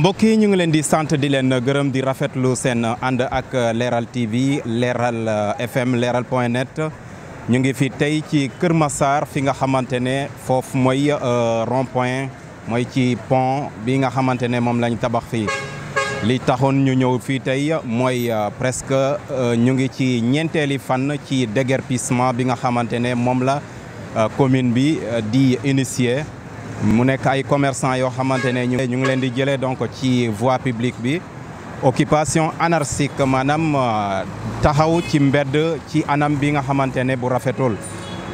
mbokk yi ñu ngi leen di sant di leen gërëm di rafetlu seen ànd ak Leral TV leeral eh, FM Leral point net ñu ngi fi tey ci Kër Massar fi nga xamante ne foofu mooy eh, rond point mooy ci pont bi nga xamante ne moom lañ tabax fii. li taxoon ñu ñëw fii tey mooy eh, presque ñu ngi ci ñeenteeli fan ci déguerpissement bi nga xamante ne moom la commune bi di initier. mu nekk ay commerçant yoo xamante ne ñu ngi leen di jëlee donc ci voie publique bi occupation anarchique maanaam euh, taxaw ci mbedd ci anam bi nga xamante ne bu rafetul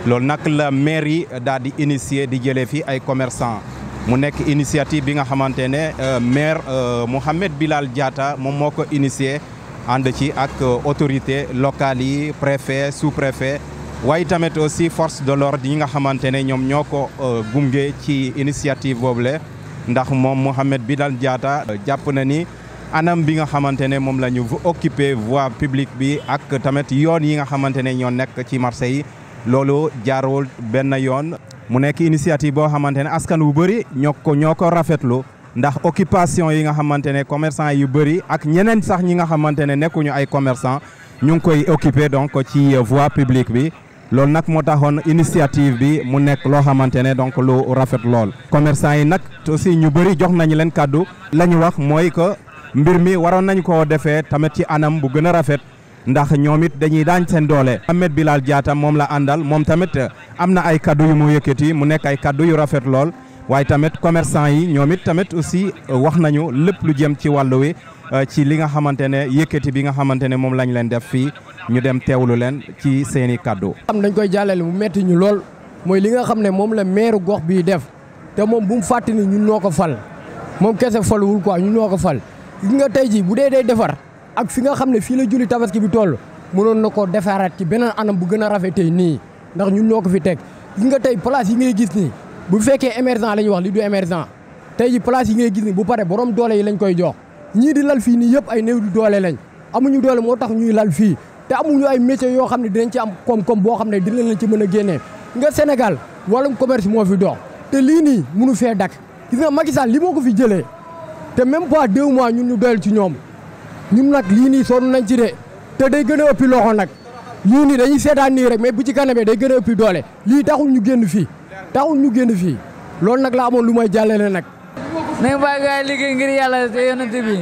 loolu nag la mairie daal di initier di jëlee fi ay commerçant mu nekk initiative bi nga xamante ne euh, maire euh, Mouhamed Bilal jaata moom moo ko initier ànd ci ak autorité locale yi préfet sous-préfet waaye tamit aussi force de l'ordre ñi nga xamante ne ñoom ñoo ko euh, gunge ci initiative boobule ndax moom Mouhamed Bilal Diatta euh, jàpp na ni anam bi nga xamante ne moom la ñu occupé voie publique bi ak tamit yoon yi nga xamante ne ñoo nekk ci marché yi loolu jaarul benn yoon. mu nekk initiative boo xamante ne askan wu bëri ñoo ko ñoo ko rafetlu ndax occupation yi nga xamante ne commerçant yu bëri ak ñeneen sax ñi nga xamante ne nekkuñu ay commerçant ñu ngi koy occupé donc ci euh, publique bi. loolu nag moo taxoon initiative bi mu nekk loo xamante ne donc lu rafet lool. commerçant yi nag aussi ñu bëri jox nañu leen kàddu la ñu wax mooy que mbir mi waroon nañu ko defee tamit ci anam bu gën a rafet ndax ñoom it dañuy daan seen doole. Ahmed Bilal Diatta moom la àndal moom tamit am na ay kàddu yu mu yëkkati mu nekk ay kàddu yu rafet lool waaye tamit commerçant yi ñoom it tamit aussi wax nañu lépp lu jëm ci wàllu wi. Euh, ci li nga xamante ne yëkkati bi nga xamante ne moom lañu leen def fii ñu dem teewlu leen ci seeni i kàddu. xam dañ koy jàllale mu metti ñu lool mooy li nga xam ne moom la meeru gox bi def te moom bu mu fàtte ni ñun noo ko fal moom kese faluwul quoi ñun noo ko fal gis nga tey jii bu dee dee defar ak fi nga xam ne fii la julli tabaski bi toll mënoon na ko defaraat ci beneen anam bu gën a rafetee nii ndax ñun noo ko fi teg gis nga tey place yi ngay gis nii bu fekkee émergent la ñuy wax li tey ji place yi ngay gis ni bu pare borom doole yi lañ koy jox ñii di lal fii nii yëpp ay néew di doole lañ amuñu doole moo tax ñuy lal fii te amuñu ay métiers yoo xam ne dinañ ci am koom boo xam ne dinañ la ci mën a génnee nga Sénégal wàllum commerce moo fi dox te lii nii munu fee dak gis nga Macky Sall li moo ko fi jëlee te même pas deux mois ñun ñu doyal ci ñoom ñun nag lii nii sonn nañ ci de te day gën a ëppi loxo nag lii nii dañuy seetaan nii rek mais bu ci kanamee day gën a ëppi doole lii taxul ñu génn fii taxul ñu génn fii loolu nag la amoon lu may jàllale nag nañ bàyyi gars yi liggéey ngir yàlla te yonent bi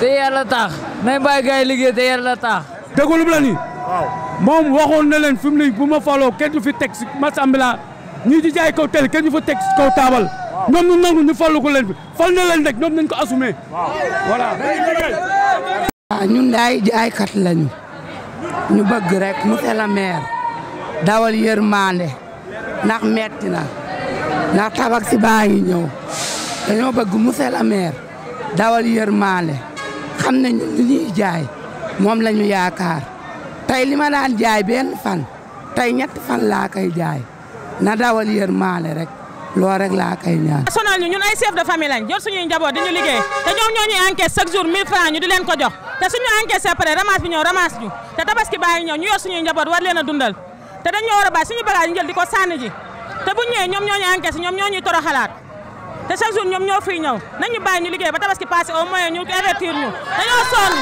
te yàlla tax nañ bàyyi gars yi liggéey te yàlla tax. déglu la ni. waaw moom waxoon na leen fi mu ne bu faloo kenn du fi teg si masambila ñi di jaay kaw tel kenn du fa teg si kaw taabal. ñoom ñu nangu ñu falu leen fi fal leen rek ñoom nañ ko assumé. voilà. waaw ah, ñun daay jaaykat lañu ñu bëgg rek monsieur le maire dawal yërmande ndax metti na ndax tabax si baa dañoo bëgg monsieur le maire dawal yërmaale xam ne ñun li jaay moom la ñu yaakaar tey li ma daan jaay benn fan tey ñetti fan laa koy jaay na dawal yërmaale rek loo rek laa koy ñaan. sonal ñu ñun ay chef de famille lañ jot suñuy njaboot di ñu liggéey te ñoom ñoo ñuy encaisse chaque jour 1000 francs di leen ko jox te suñu encaisse après ramasse bi ñëw ramasse ñu te tabaski baa ngi ñëw ñu yor suñuy njaboot war leen a dundal a bàyyi suñu bagage ñu jël di ko sànni ji te bu ñëwee ñoom ñoo ñu encaisse xalaat te chaque jour ñoom ñoo fiy ñëw nañu bàyyi ñu liggéey ba tabaski passé au moins ñu avertir ñu dañoo sonn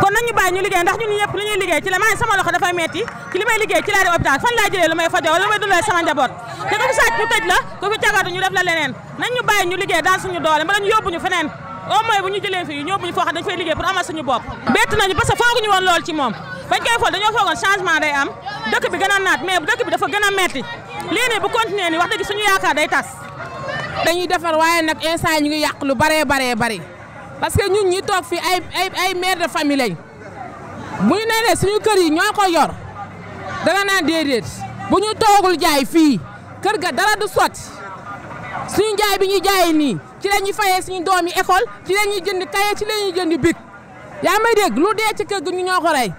kon nañu bàyyi ñu liggéey ndax ñun ñëpp li ñuy liggéey ci la maa sama loxo dafay metti ci li may liggéey ci laa di hôpital fan laa jëlee lu may fajoo wala lu may dundalee sama njaboot te ku fi sàcc ñu tëj la ku fi cagatu ñu def la leneen nañu bàyyi ñu liggéey dans suñu doole mbala ñu yóbbu ñu feneen au moins bu ñu jëlee fii ñoo bu ñu foo dañu moom bañ koy fool naat mais dëkk bi dafa a metti lii nii bu continuer suñu tas dañuy defar waaye nag instant ñu ngi yàq lu baree baree bari parce que ñun ñi toog fii ay ay ay de famille lañ bu ñu nee suñu kër yi ñoo ko yor danga naan déedéet bu ñu toogul jaay fii kër ga dara du sotti suñu jaay bi ñuy jaayee nii ci la ñuy fayee suñu doom yi école ci la ñuy jënd kaye ci la ñuy jënd big yaa may dégg lu dee ci kër gi ñu ñoo ko rey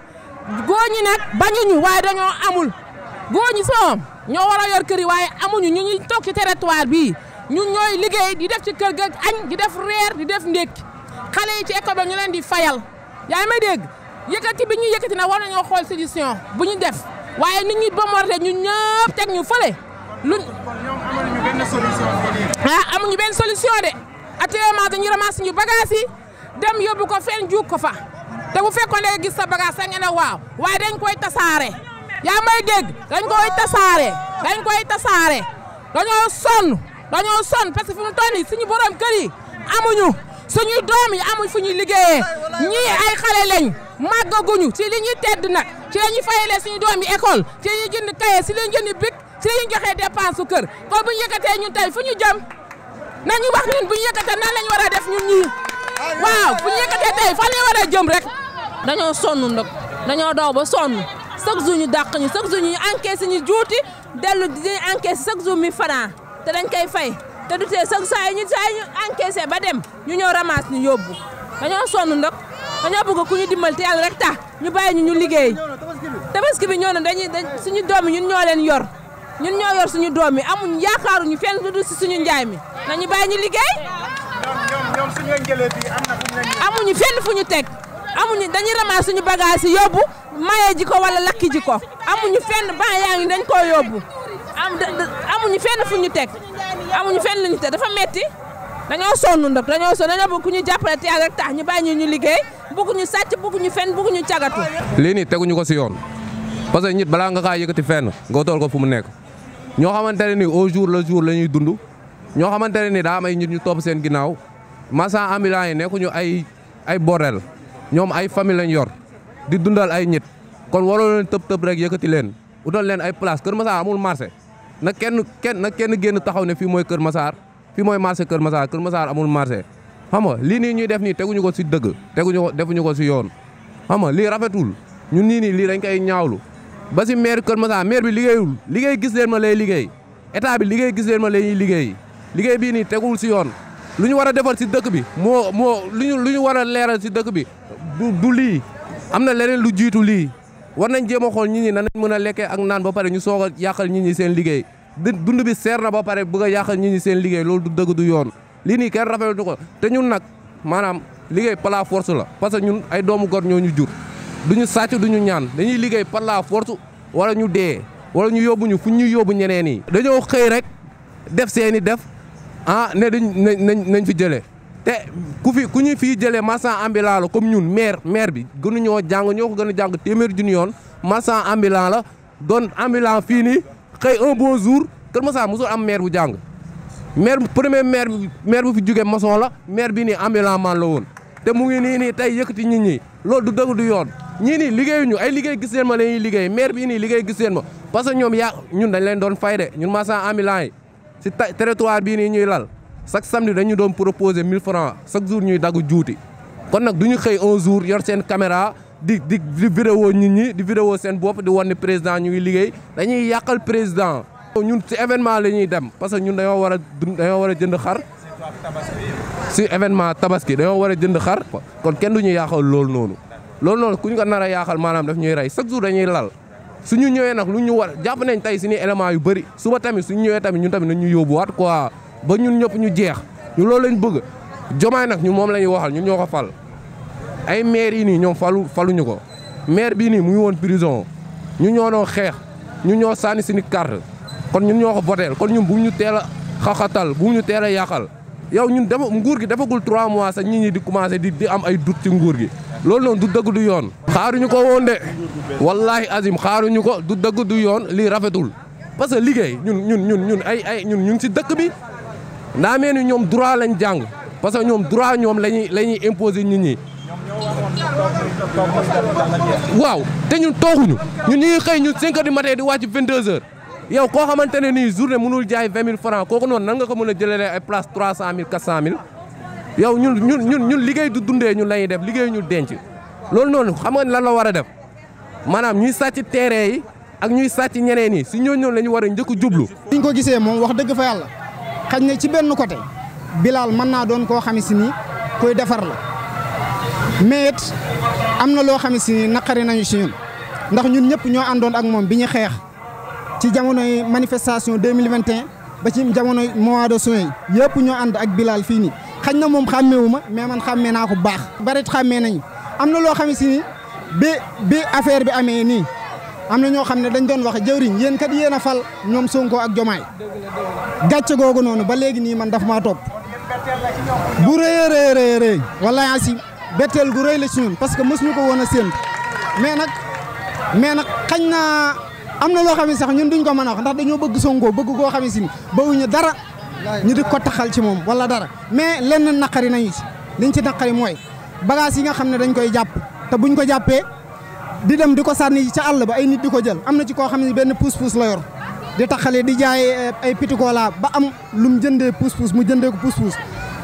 góor ñi nag bañuñu waaye dañoo amul góor ñi soom ñoo war a yor kër yi waaye amuñu ñu ñuy toog ci territoire bii. ñun ñooy liggéey di def ci kër ga añ di def reer di def ndékki xale yi ci école ba leen di fayal yaa ngi may dégg yëkkati bi ñu yëkkati nag war nañoo xool solution bu ñu def waaye nit ñi bomorte ñu ñëpp teg ñu fële luñ. kon ñoom amuñu benn solution. de ah, amuñu benn solution de actuellement dañuy ramasser ñu bagages yi dem yóbbu ko fenn juug ko fa te bu fekkoon da gis sa bagage sax waaw waaye dañ koy tasaare yaa may dégg dañ koy tasaare dañ koy tasaare dañoo sonn. dañoo sonn parce que fu mu toll nii suñu borom kër yi amuñu suñu doom yi amuñ fu ñuy liggéeyee ñii ay xale lañ màggaguñu ci li ñuy tedd nag ci la ñuy fayalee suñu doom yi école ci la ñuy jënd kaye ci la ñuy jënd bic ñu yëkkatee ñun ñu wax ñun bu ñu yëkkatee nan lañu war a def ñun ñii waaw bu ñu yëkkatee tey fan lañu war a jëm rek. dañoo sonn nag dañoo daw ba sonn chaque jour ñu dàq ñu chaque jour ñu encaissé ñu juuti dellu di encaissé chaque jour mi te dañ koy fay te du tee chaque saa yi ñu saa yi ñu ba dem ñu ñëw ramasse ñu yóbbu dañoo sonn ndox dañoo bëgg ku ñu dimbal te yàlla rek tax ñu bàyyi ñu ñu liggéey tabaski bi ñoo ne dañuy dañ suñu doom yi ñun ñoo leen yor ñun ñoo yor suñu doom yi amuñ yaakaaruñu fenn lu dul si suñu njaay mi nañu bàyyi ñu liggéey. ñoom suñu njëlee fu ñu amuñu fenn fu ñu teg amuñu dañuy ramasse suñu bagage yi yóbbu maye ji ko wala lakki ji ko amuñu fenn ban yaa ngi dañ koo yóbbu amuñu fenn fu ñu teg amuñu fenn lu ñu teg dafa metti dañoo sonn nag dañoo sonn dañoo bëgg ku ñu jàppale te yàlla rek tax ñu bàyyi ñu liggéey bëgg ñu sàcc bëgg ñu fenn bëgg ñu cagatu. lii teguñu ko si yoon parce que nit balaa nga kaa yëkkati fenn nga tool ko fu mu nekk ñoo xamante ne ni au jour le jour la ñuy dund ñoo xamante ne ni daa am ay nit ñu topp seen ginnaaw marchand ambulant yi nekkuñu ay ay borel ñoom ay famille lañ yor di dundal ay nit kon waroo leen tëb tëb rek yëkkati leen utal leen ay place Kër Masar amul marché. na kenn kenn kenn génn taxaw ne fii mooy Kër Massar fii mooy marché Kër Massar Kër Massar amul marché xam nga lii nii ñuy def nii teguñu ko si dëgg teguñu ko defuñu ko si yoon xam nga lii rafetul ñun nii nii lii dañ koy ñaawlu ba si maire Kër Massar maire bi liggéeyul liggéey gis leen ma lay liggéey état bi liggéey gis leen ma lay liggéey liggéey bii nii teguwul si yoon lu ñu war a defal si dëkk bi moo moo lu ñu lu ñu war a leeral si dëkk bi du lii am na leneen lu jiitu lii war nañ jéem a xool nit ñi nan lañ mën a lekkee ak naan ba pare ñu soog a yàqal nit ñi seen liggéey dund bi seer na ba pare bëgg a yàqal nit ñi seen liggéey loolu du dëgg du yoon lii ni kenn rafetlu ko te ñun nag maanaam liggéey par la force la parce que ñun ay doomu gor ñoo ñu jur duñu sàcc ñu ñaan dañuy liggéey par la force wala ñu dee wala ñu yóbbu ñu fu ñu yóbbu ñeneen yi dañoo xëy rek def seeni def ah ne dañ nañ nañ fi jëlee te ku fi ku ñu fii jëlee marchand ambulant la comme ñun maire maire bi gënuñoo jàng ñoo ko gën a jàng téeméer junni yoon marchand ambulant la doon ambulant fii ni xëy un bon jour Kër Massar mosul am maire bu jàng maire premier maire maire bu fi jóge maçon la maire bi ni ambulant man la woon te mu ngi nii nii tey yëkkati nit ñi loolu du dëgg du yoon ñii nii liggéeyuñu ay liggéey gis leen ma la ñuy liggéey maire bii nii liggéey gis leen ma parce que ñoom yaa ñun dañ leen doon fay de ñun marchand ambulant yi bii nii ñuy lal chaque samedi dañu doon proposer 1000 francs chaque jour ñuy daggu juuti kon nag du ñu xëy un jour yor seen caméra di di di vidéo nit ñi di vidéo seen bopp di wan ne président ñu ngi liggéey dañuy yàqal président. ñun ci événement la ñuy dem parce que ñun dañoo war a dañoo war a jënd xar. si événement tabaski dañoo war a jënd xar. kon kenn du ñu yàqal loolu noonu. loolu noonu ku ñu ko nar yaaxal maanaam daf ñuy rey chaque jour dañuy lal ñu ñëwee nag lu ñu war jàpp nañ tey ni éléments yu bëri suba tamit suñu ñëwee tamit ñun tamit nañ ñu yóbbuwaat quoi. ba ñun ñëpp ñu jeex ñu loolu lañ bëgg jomaay nag ñu moom la ñuy waxal ñu ñoo ko fal ay maire yi nii ñoom falu ñu ko maire bii nii mu woon prison ñu ñoo doon xeex ñu ñoo sànni suñu carte kon ñun ñoo ko voteel kon ñun bu ñu teel a xaxatal bu ñu teel a yàqal yow ñun dafa nguur gi defagul trois mois sax ñit di commencé di di am ay doute ci nguur gi loolu noonu du dëgg du yoon xaaruñu ko woon de wallahi azim xaaruñu ko du dëgg du yoon lii rafetul parce que liggéey ñun ñun ñun ñun ay ay ñun ñu ngi si dëkk bi ndaamee ni ñoom droit lañ jàng parce que ñoom droit ñoom lañuy la ñuy imposer nit ñi. waaw te ñun tooxuñu ñun ñu ngi xëy ñun 5 heures du matin di wàcc 22 heures yow koo xamante ne nii journée mënul jaay 20 000 francs kooku noonu nan nga ko mën a jëlee ay place 300 000 400 000 yow ñun ñun ñun ñun liggéey du dundee ñun la ñuy def liggéey ñu denc loolu noonu xam nga lan la war a def maanaam ñuy sàcc terrain yi ak ñuy sàcc ñeneen yi si ñooñu la ñu war a njëkk jublu. liñ ko gisee moom wax dëgg fa yàlla. xañ na ci benn côté Bilal mën naa doon koo xam si ni koy defar la mais am na loo xam si ni naqari nañu si ñun ndax ñun ñëpp ñoo àndoon ak moom bi ñu xeex ci jamonoy manifestation 2021 ba ci jamonoy mois de juin yëpp ñoo ànd ak Bilal fii nii xañ na moom xàmmeewu ma mais man xàmmee naa ko bu baax. barit xàmmee nañu am na loo xam si ni bi bi affaire bi amee nii. am na ñoo xam ne dañ doon wax jëwriñ yéen kat yéen a fal ñoom sonkoo ak Jomaay gàcce googu noonu ba léegi nii man daf ma toog bu rëy rëy rëy rëy wala betteel gu rëy la ci ñun parce que mës ñu ko woon a séentu mais nag mais nag xañ naa am na loo xam ne sax ñun duñ ko mën a wax ndax dañoo bëgg sonkoo bëgg koo xam ne si bawuñu dara ñu di ko taxal ci moom wala dara mais lenn naqari nañu ci liñ ci naqari mooy bagage yi nga xam ne dañ koy jàpp te buñ ko jàppee di dem di ko sànni ca àll ba ay nit di ko jël am na ci koo xam ne benn puus-puus la yor di taxale di jaay eh, ay pitikoolaa ba am lu mu jëndee puus-puus mu jëndee ko puus-puus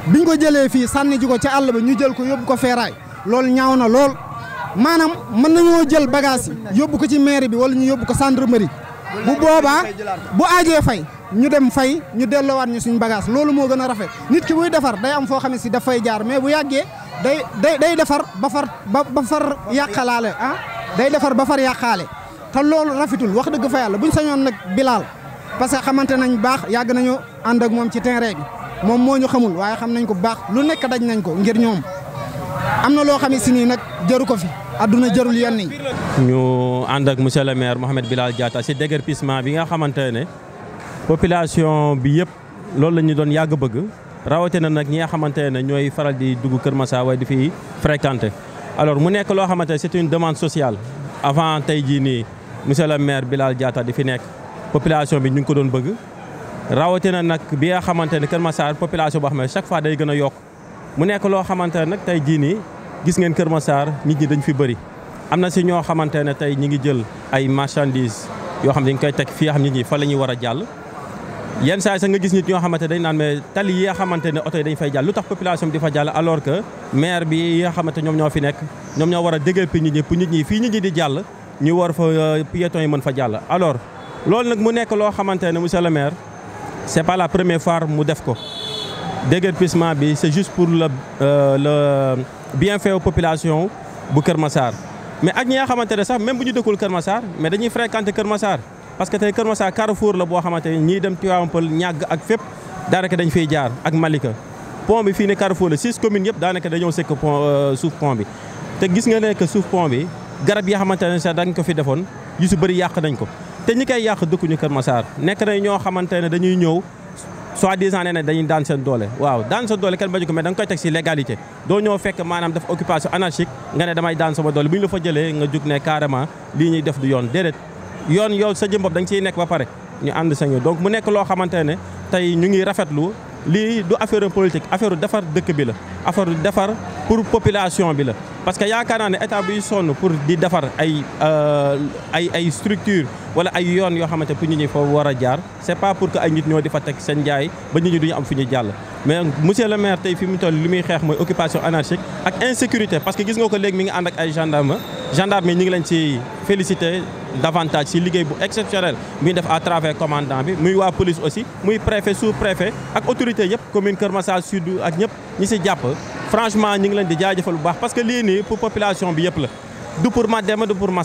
biñ ko jëlee fii sànni ji ko ca àll ba ñu jël ko yóbbu ko feeraay loolu ñaaw na lool maanaam mën nañoo jël bagage yóbbu ko ci mairie bi wala ñu yóbbu ko gendarmerie bu boobaa bu aajee fay ñu dem fay ñu delloowaat ñu suñ bagage loolu moo gën a rafet nit ki buy defar day am foo xam ne si daf jaar mais bu yàggee day day day defar ba far ba ba far ah day defar ba far yàqaale te loolu rafetul wax dëgg fa yàlla ñu sañoon nag bilaal parce que xamante nañu baax yàgg nañu ànd ak moom ci terrain bi moom moo ñu xamul waaye xam nañ ko baax lu nekk daj nañ ko ngir ñoom am na loo xam ne si nii nag jaru ko fi adduna jarul yenn yi. ñu ànd ak monsieur le maire Mouhamed Bilal Diatta si déguerpissement bi nga xamante ne population bi yëpp loolu la ñu doon yàgg bëgg rawatina nag ñi nga xamante ne ñooy faral di dugg Kër Massa waaye di fi fréquenté. alors mu nekk loo xamante ne c'est une demande sociale avant tey jii nii monsieur le maire Bilal Diatta di fi nekk population bi ñu ngi ko doon bëgg rawatina nag bi nga xamante ne Kër Massar population boo xam ne chaque fois day gën a yokk mu nekk loo xamante ne nag tey jii nii gis ngeen Kër Massar nit ñi dañ fi bëri am na si ñoo xamante ne tey ñi ngi jël ay marchandises yoo xam ne dañ koy teg fii xam nit ñi fa la ñuy war a jàll yenn saa yi sax nga gis nit ñoo xamante dañ naan mais tali yi nga xamante ne oto yi dañ fay jàll lu tax population bi di fa jàll alors que maire bi yi nga xamante ñoom ñoo fi nekk ñoom ñoo war a déggal pi nit ñi fii nit ñi di jàll ñu war fa euh, yi mën fa jàll alors loolu nag mu nekk loo xamante ne monsieur le maire c'est pas la première fois mu def ko déguerpissement bi se juste pour le euh, le bienfait aux populations bu Kër Massar mais ak ñi nga xamante ne sax même bu ñu dëkkul Kër Massar mais dañuy fréquenter Kër Massar parce que tey Kër Massar carrefour la boo xamante ni ñiy dem Tivaouane Peulh ak fépp daanaka dañ fay jaar ak Malika pont fii ne carrefour la six communes yëpp daanaka dañoo sëkk pont euh, suuf pont te gis nga ne que suuf pont bi garab yi xamante ne sax dañ ko fi defoon yu si bëri yàq nañ ko te ñi koy yàq dëkkuñu Kër Massar nekk nañ ñoo xamante ne dañuy ñëw soi-disant nee na dañuy daan seen doole waaw daan seen doole kenn bañu ko mais da nga koy teg si légalité doo ñëw nga jug ne carrément lii ñuy def du yoon déedéet yoon yow sa jëm bopp ciy nekk ba pare ñu ànd sañu donc mu nekk loo xamante ne tey ñu ngi rafetlu lii du affaire politique affaire defar dëkk bi la affaire defar pour population bi la parce que yaakaar naa ne état buy sonn pour di defar ay euh, ay ay structure wala ay yoon yoo xamante pour ñu ñi fa war a jaar c'est pas pour que ay nit ñoo di fa teg seen jaay ba nit ñi duñu am fu ñu jàll mais monsieur le maire tey fi mu toll li muy xeex mooy occupation anarchique ak insécurité que gis nga ko léegi mi ngi ànd ay gendarme gendarme yi ñu ngi leen ci félicité davantage si liggéey bu exceptionnel muy def à travers commandant bi muy waa police aussi muy préfet sous préfet ak autorité yëpp commune Kër Massar Sud ak ñëpp ñi si jàpp franchement ñu ngi leen di jaajëfal bu baax parce que lii nii pour population bi yëpp la du pour ma Demba du pour ma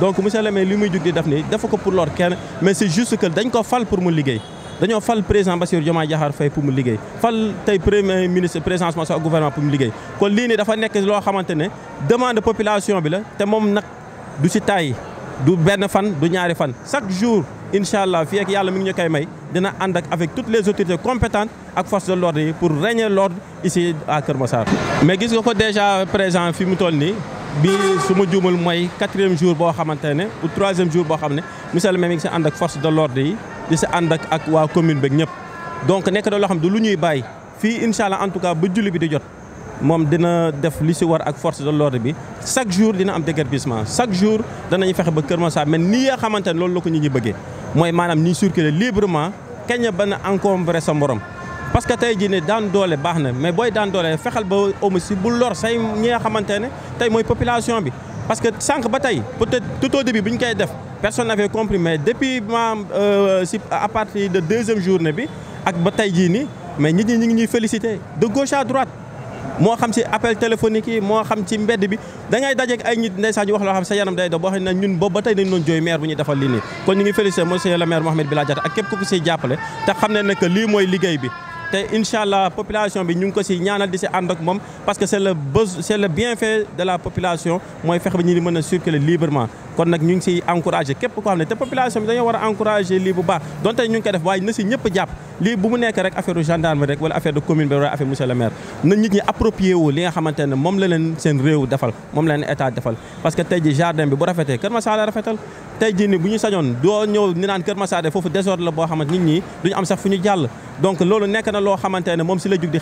donc monsieur le maire li muy jug di def nii dafa ko pour lor kenn mais c'est juste que dañ ko fal pour mu liggéey dañoo fal président Bassirou Diomaye Diakhar Faye pour mu liggéey fal tey premier xamante ne demande population bi la te moom nag du si tàyyi du benn fan du ñaari fan shaque jour incha allah fii ak yàlla mi ngi ñu koy may dina ànd ak avec toutes les autorités compétentes ak forces de l'ordre yi pour régner l'ordre ici à Kër Massar. mais gis nga ko déjà présent fi mu toll nii bi su ma juumal mooy quatrième jour boo xamante ne ou troisième jour boo xam ne monsieur le maire mi ngi si ànd ak force de l'ordre yi di si ànd ak ak waa commune beeg ñëpp donc nekk na loo xam ne lu ñuy bàyyi fii incha allah en tout cas ba jul bi di jot. moom dina def lu si war ak force de l'ordre bi chaque jour dina am déguerpissement chaque jour danañu fexe ba Kër Massar mais nii nga xamante ne loolu la ñu ngi bëggee mooy maanaam ñuy circuler librement kañ a ban encombré sa morom. parce que tey jii ne daan doole baax na mais booy daan doole fexel ba omo si bu lor say ñi nga xamante ne tey mooy population bi parce que sànq ba tey peut-être tout au début ñu koy def personne n'avait compris mais depuis ma euh, si à partir de deuxième journée bi ak ba tey jii nii mais nit ñi ñu ngi ñuy féliciter de gauche à moo xam si appel téléphonique yi moo xam ci mbedd bi da ngay dajeek ay nit ndeysaan ñu wax a xam sa yaram day daw boo xam ne ñun boobu ba tey dañ doon jooy maire bu ñuy defal lii nii kon ñu ngi félicité monsieur le maire Mouhamed Bilal ak képp ku ko jàppale te xam ne que lii mooy liggéey bi te incha allah population bi ñu ngi ko si ñaanal di si ànd ak moom parce que c'est le bes c'est le bienfait de la population mooy fexe ba ñu di mën a kon nag ñu ngi siy encouragé képp koo xam ne te population bi dañoo war a encouragé lii bu baax donte ñu ngi koy def waaye na si ñëpp jàpp lii bu mu nekk rek affaire gendarme rek wala affaire de commune bi wala affaire monsieur le na nit ñi approprié li nga xamante moom la leen seen réew defal moom la leen état defal parce que tey ji jardin bi bu rafetee Kër Massar rafetal tey ji ni bu ñu sañoon doo ñëw ni naan Kër Massar de foofu désordre la boo xamante nit ñi duñu am sax fu ñu jàll donc loolu nekk na loo xamante ne moom si la jug di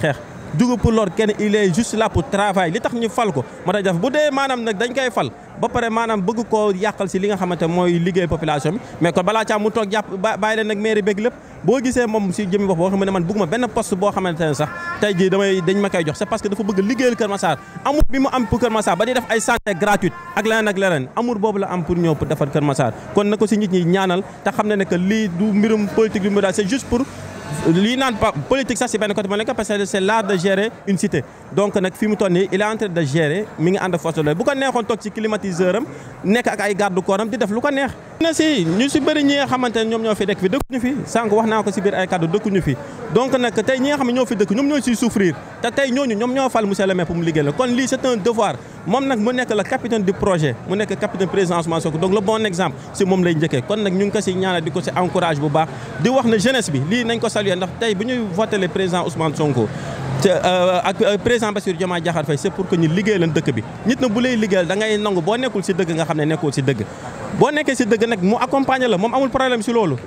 dugub pour lor kenn il est juste là pour travail li tax ñu fal ko moo tax def bu dee maanaam nag dañ koy fal ba pare maanaam bëgg koo yàqal si li nga xamante mooy liggéey population bi mais kon balaa caa mu toog jàpp bàyyi leen nag moom si jëmi bopp boo xam ne man bëgguma benn poste boo xamante ne ma koy jox c'est parce que dafa bëgg liggéeyal Kër Massar amour bi mu am pour Kër Massar ba di def ay santé gratuite ak leneen ak leneen amour boobu la am pour ñëw pour defar Kër Massar kon na ko si nit ñi ñaanal te xam lii naan politique sax si benn côté moo nekk parce que c'est l'art de gérer une cité donc nag fi mu ton nii il est de gérer mi ngi ànd ak force de bu ko neexoon toog ci climatiseur am nekk ak ay garde corps am di def lu ko neex. na si ñu si bëri ñi xamante ne ñoom ñoo fi dëkk fi fi sànq wax naa ko si biir ay kaddu dëkkuñu fi donc nag tey ñi ne ñoo fi dëkk ñoom ñoo siy te tey ñooñu ñoom ñoo fal monsieur le maire pour mu liggéey la kon lii c'est un devoir moom nag mu nekk la capitaine du projet mu nekk capitaine président Ousmane Sonko donc le bon exemple si moom lay njëkkee kon nag ñu ngi ko si ñaanal di ko si encourage bu wax na jeunesse lii nañ ko ndax tey bu ñuy voté le président Ousmane Euh, ak euh, président Bassirou Diomaye Diakhar Faye c'est pour que ñu liggéey leen dëkk bi nit na bu lay liggéeyal da nangu boo nekkul si dëgg nga xam ne nekkul si dëgg boo nekkee si dëgg nag mu accompagner la moom amul problème si loolu